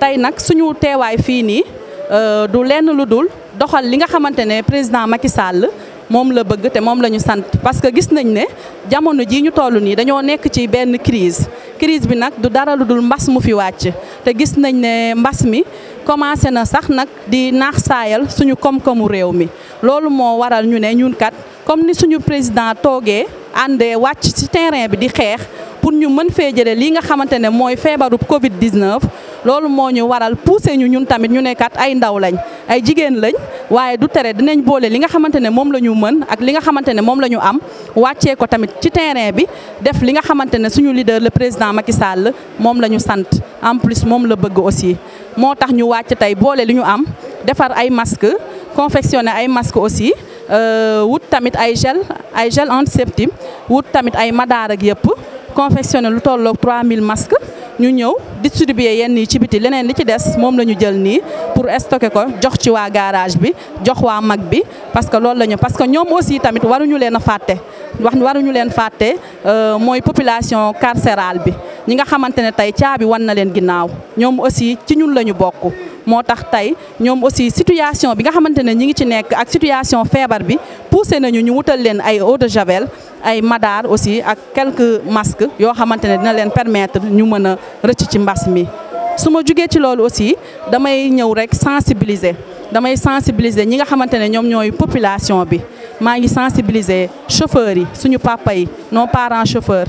tey nag suñu teewaay fii nii euh, du lenn lu dul doxal li nga xamante ne président Macky Sall moom la bëgg te moom la ñu sant parce que gis nañ ne jamono jii ñu toll nii dañoo nekk ci benn crise crise bi nag du dara lu dul mbas mu fi wàcc te gis nañ ne mbas mi commencé na sax nag di naax saayal suñu koom-koomu réew mi loolu moo waral ñu ne ñun kat comme ni suñu président toogee àndee wàcc ci terrain bi di xeex pour ñu mën fee jëlee lii nga xamante ne mooy feebaru Covid 19. loolu moo ñu waral poussé ñu ñun tamit ñu nekkat ay ndaw lañ ay jigéen lañ waaye du tere dinañ boole li nga xamante ne moom la ñu mën ak li nga xamante ne moom lañu am wàccee ko tamit ci terrain bi def li nga xamante ne suñu leader le président Macky Sall moom la ñu sant en plus moom la bëgg aussi. moo tax ñu wàcc tey boole li ñu am defar ay masque confectionner ay masque aussi euh, wut tamit ay gel ay gel antiseptique wut tamit ay madaar yëpp. confectionné lu tolloog 3000 masques ñu ñëw distribuer yenn yi ci biti leneen li ci des moom la ñu jël nii pour stocker ko jox ci waa garage bi jox waa mag bi parce que loolu la parce que ñoom aussi tamit waruñu leen a fàtte wax waruñu leen fàtte euh, mooy population carcérale bi ñi nga xamante ne tey caabi wan na leen ginnaaw ñoom aussi ci ñun la ñu bokk. motax tay ñom aussi situation bi nga xamantene situation Nous bi poussé nañu ñu wutal ay de javel ay madar aussi ak quelques masques yo xamantene dina permettre ñu mëna recc ci mbass aussi damay rek sensibiliser damay sensibiliser ñi nga nous population bi ngi sensibiliser chauffeurs yi suñu papa yi nos parents chauffeurs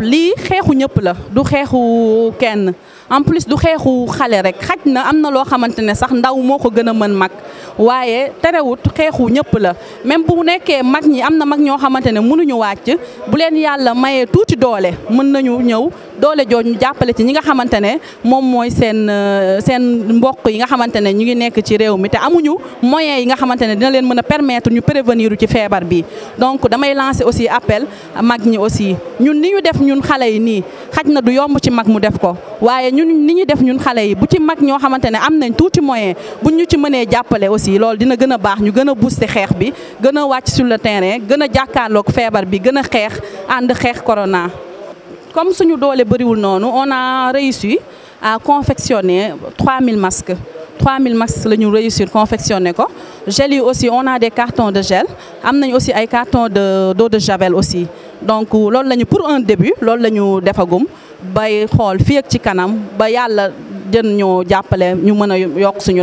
lii xeexu ñëpp la du xeexu kenn en plus du xeexu xale rek xaj na am na loo xamante ne sax ndaw moo ko gën a mën mag waaye terewut xeexu ñëpp la même bu nekkee mag ñi am na mag ñoo xamante ne mënuñu wàcc bu leen yàlla mayee tuuti doole mën nañu ñëw doole jooju ñu jàppale ci ñi nga xamante ne moom mooy seen euh, seen mbokk yi nga xamante ne ñu ngi nekk ci réew mi te amuñu moyens yi nga xamante ne dina leen mën a permettre ñu prévenir ci feebar bi. donc damay lancé aussi appel mag ñi aussi ñun ni ñu def ñun xale yi nii xaj na du yomb ci mag mu def ko waaye ñun ni ñu def ñun xale yi bu ci mag ñoo xamante ne am nañ tuuti moyen buñ ñu ci mënee jàppale aussi loolu dina gën a baax ñu gën a booster xeex bi gën a wàcc sur le terrain gën a jàkkaarloog feebar bi gën a xeex ànd xeex corona. comme suñu doole bëriwul nous on a réussi à confectionner 3000 masques 3000 masques avons réussi réussir confectionner ko gel aussi on a des cartons de gel am aussi ay cartons de d'eau de javel aussi donc loolu la pour un début Nous avons fait defagum bay Nous avons ak ci kanam ba avons jën ñoo jàppale nous avons fait yokk suñu